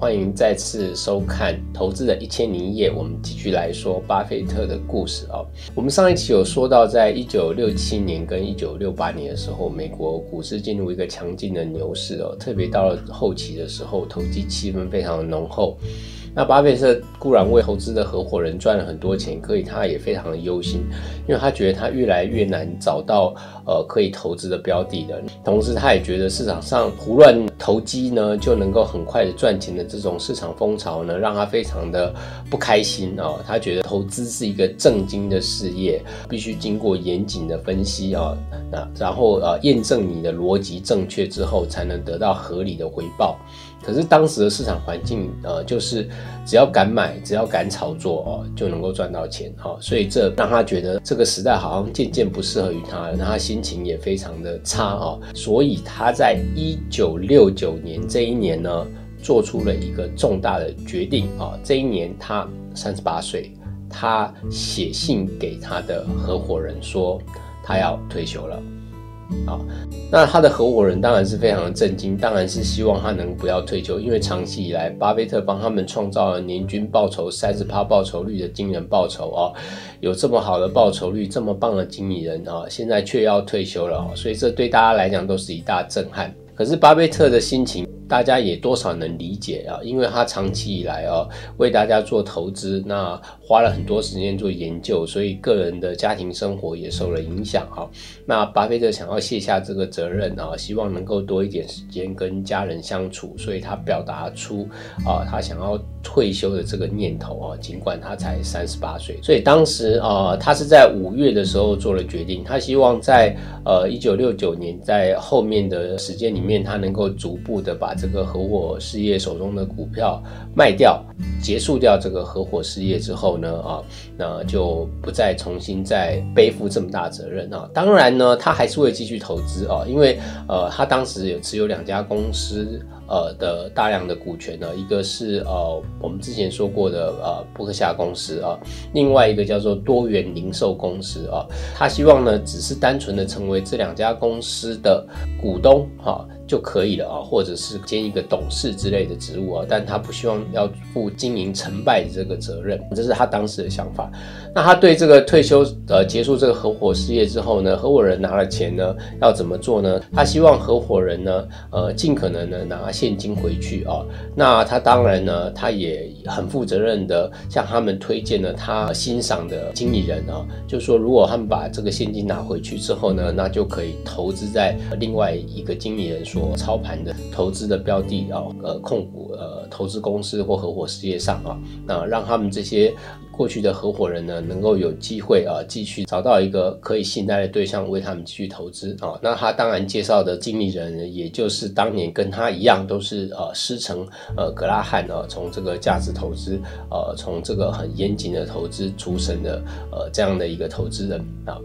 歡迎再次收看《投資的一千零一夜》，我們繼續來說巴菲特的故事哦。我們上一期有說到，在一九六七年跟一九六八年的時候，美國股市進入一個強勁的牛市哦，特別到了後期的時候，投機氣氛非常濃厚。那巴菲特固然為投資的合夥人賺了很多錢，所以他也非常的憂心，因為他覺得他越來越難找到呃可以投資的標的的同時，他也覺得市場上胡亂投機呢就能夠很快的賺錢的這種市場風潮呢，讓他非常的不開心、哦、他覺得投資是一個正經的事業，必須經過嚴謹的分析啊，那、哦、然後啊、呃、驗證你的邏輯正確之後，才能得到合理的回報。可是當時的市場環境，呃，就是只要敢買，只要敢炒作哦，就能夠賺到錢哈、哦。所以這讓他覺得這個時代好像漸漸不適合於他，那他心情也非常的差哦，所以他在一九六九年這一年呢，做出了一個重大的決定啊、哦。這一年他三十八歲，他寫信給他的合夥人說，他要退休了。啊，那他的合夥人當然是非常的震驚，當然是希望他能不要退休，因為長期以來巴菲特幫他們創造了年均報酬三十趴報酬率的驚人報酬哦，有這麼好的報酬率，這麼棒的經理人啊，哦，現在卻要退休了，所以這對大家來講都是一大震撼。可是巴菲特的心情。大家也多少能理解啊，因為他長期以來啊為大家做投資，那花了很多時間做研究，所以個人的家庭生活也受了影響哈、啊，那巴菲特想要卸下這個責任啊，希望能夠多一點時間跟家人相處，所以他表達出啊他想要退休的這個念頭啊，儘管他才三十八歲。所以當時啊，他是在五月的時候做了決定，他希望在呃一九六九年在後面的時間裡面，他能夠逐步的把。這個合夥事業手中的股票賣掉，結束掉這個合夥事業之後呢，啊、哦，那就不再重新再背負這麼大責任啊、哦。當然呢，他還是會繼續投資啊、哦，因為呃，他當時有持有兩家公司呃的大量的股權呢，一個是呃我們之前說過的呃波克夏公司啊、哦，另外一個叫做多元零售公司啊、哦，他希望呢只是單純的成為這兩家公司的股東哈。哦就可以了啊，或者是兼一個董事之類的職務啊，但他不希望要負經營成敗的這個責任，這是他當時的想法。那他對這個退休呃結束這個合夥事業之後呢，合夥人拿了錢呢，要怎麼做呢？他希望合夥人呢，呃，儘可能呢拿現金回去啊、哦。那他當然呢，他也很負責任的向他們推薦了他欣賞的經理人啊、哦，就說如果他們把這個現金拿回去之後呢，那就可以投資在另外一個經理人所。我操盤的投資的標的啊、哦，呃，控股呃，投資公司或合夥事業上啊，那讓他們這些過去的合夥人呢，能夠有機會啊，繼續找到一個可以信賴的對象，為他們繼續投資啊。那他當然介紹的經理人，也就是當年跟他一樣都是、啊、師呃師承呃格拉漢啊，從這個價值投資呃，從這個很嚴謹的投資出身的呃這樣的一個投資人啊。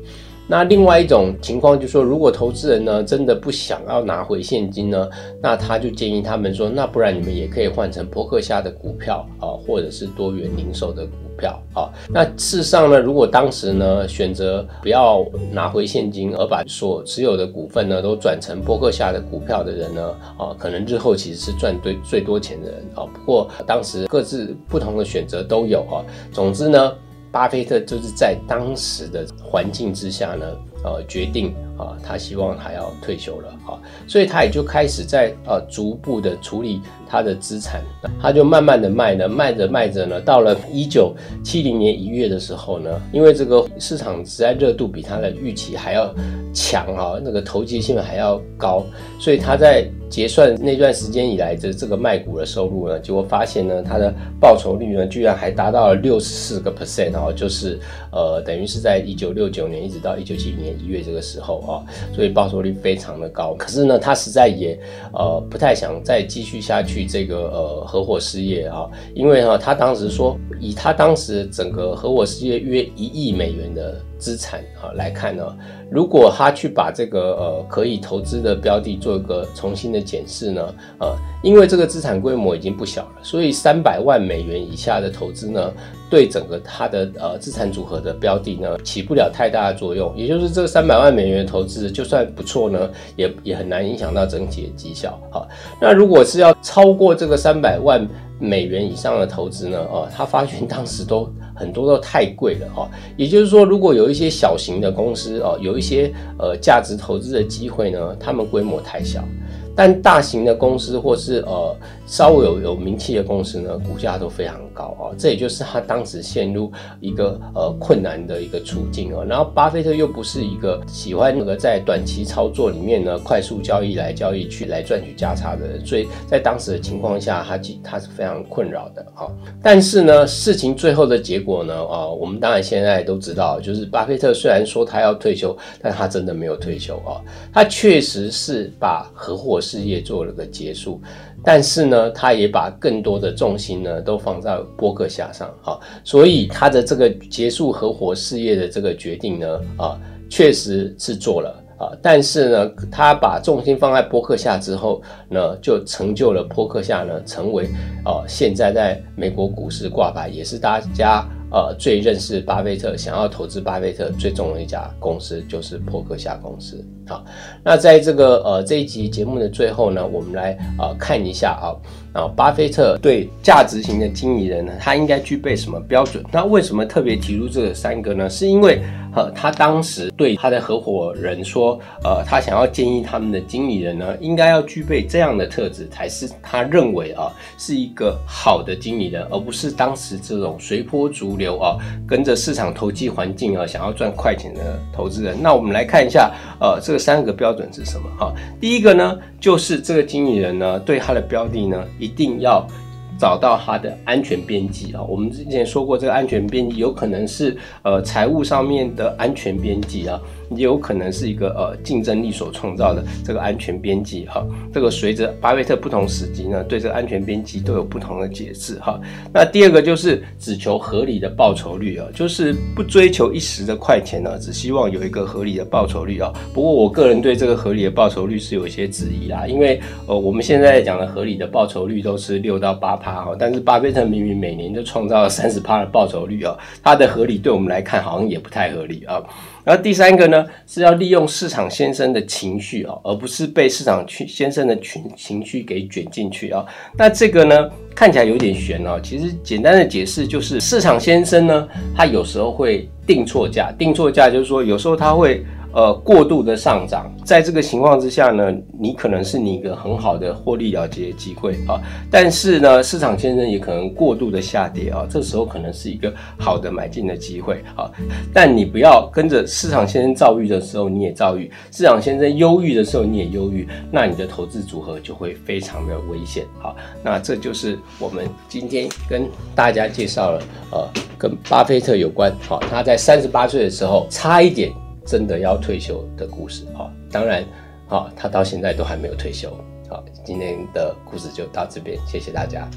那另外一種情況就是說，如果投資人呢真的不想要拿回現金呢，那他就建議他們說，那不然你們也可以換成。成波克夏的股票啊，或者是多元零售的股票啊。那事實上呢，如果當時呢選擇不要拿回現金，而把所持有的股份呢都轉成波克夏的股票的人呢啊，可能日後其實是賺最最多錢的人啊。不過當時各自不同的選擇都有啊。總之呢，巴菲特就是在當時的環境之下呢。呃，決定啊，他希望他要退休了啊，所以他也就開始在呃、啊、逐步的處理他的資產，他就慢慢的賣呢，賣着賣着呢，到了一九七零年一月的時候呢，因為這個市場實在熱度比他的預期還要強啊，那個投機性還要高，所以他在結算那段時間以來的這個賣股的收入呢，結果發現呢，他的報酬率呢，居然還達到了六十四個 percent 哦，就是呃等於是在一九六九年一直到一九七零年。一月這個時候啊，所以報酬率非常的高。可是呢，他實在也呃不太想再繼續下去這個呃合夥事業啊，因為呢、啊，他當時說，以他當時整個合夥事業約一億美元的。資產啊來看呢，如果他去把這個呃可以投資的標的做一個重新的檢視呢，呃，因為這個資產規模已經不小了，所以三百萬美元以下的投資呢，對整個他的呃資產組合的標的呢起不了太大的作用。也就是這三百萬美元的投資就算不錯呢，也也很難影響到整體的績效。好、啊，那如果是要超過這個三百萬。美元以上的投資呢？哦，他發現當時都很多都太貴了啊，哦。也就是說，如果有一些小型的公司哦，有一些呃價值投資的機會呢，他們規模太小。但大型的公司或是呃稍微有有名氣的公司呢，股價都非常高啊、哦，這也就是他當時陷入一個呃困難的一個處境哦。然後巴菲特又不是一個喜歡那個在短期操作裡面呢快速交易來交易去來賺取價差的人，所以在當時的情況下，他他是非常困擾的啊、哦。但是呢，事情最後的結果呢，啊、哦，我們當然現在都知道，就是巴菲特雖然說他要退休，但他真的沒有退休啊、哦，他確實是把合夥。事業做了個結束，但是呢，他也把更多的重心呢都放在波克夏上，哈、啊，所以他的這個結束合夥事業的這個決定呢，啊，確實是做了啊，但是呢，他把重心放在波克夏之後，呢，就成就了波克夏呢成為啊現在在美國股市掛牌，也是大家呃、啊、最認識巴菲特想要投資巴菲特最重要的一家公司，就是波克夏公司。好，那在這個呃這一集節目的最後呢，我們來呃看一下啊啊，巴菲特對價值型的經理人呢，他應該具備什麼標準？那為什麼特別提出這三個呢？是因為，呃，他當時對他的合夥人說，呃，他想要建議他們的經理人呢，應該要具備這樣的特質，才是他認為啊、呃、是一個好的經理人，而不是當時這種隨波逐流啊、呃，跟着市場投機環境啊、呃，想要賺快錢的投資人。那我們來看一下，呃，這。這三個標準是什麼啊？哈，第一個呢，就是這個經理人呢，對他的標的呢，一定要。找到它的安全邊際啊！我們之前說過，這個安全邊際有可能是呃財務上面的安全邊際啊，也有可能是一個呃競爭力所創造的這個安全邊際哈。這個隨着巴菲特不同時期呢，對這個安全邊際都有不同的解釋哈、啊。那第二個就是只求合理的報酬率啊，就是不追求一時的快錢呢、啊，只希望有一個合理的報酬率啊。不過我個人對這個合理的報酬率是有一些質疑啦，因為呃我們現在講的合理的報酬率都是六到八。但是巴菲特明明每年都創造了三十趴的報酬率啊、哦，它的合理對我們來看好像也不太合理啊、哦。然後第三個呢是要利用市場先生的情緒啊、哦，而不是被市場去先生的情情緒給捲進去啊、哦。那這個呢看起來有點懸哦。其實簡單的解釋就是市場先生呢，他有時候會定錯價，定錯價就是說有時候他會。呃，過度的上漲，在這個情況之下呢，你可能是你一個很好的獲利了結機會啊。但是呢，市場先生也可能過度的下跌啊，這時候可能是一個好的買進的機會啊。但你不要跟着市場先生躁鬱的時候你也躁鬱，市場先生憂鬱的時候你也憂鬱，那你的投資組合就會非常的危險啊。那這就是我們今天跟大家介紹了，呃、啊，跟巴菲特有關，好、啊，他在三十八歲的時候差一點。真的要退休的故事啊，當然，好。他到現在都還沒有退休。好，今天的故事就到這邊，謝謝大家。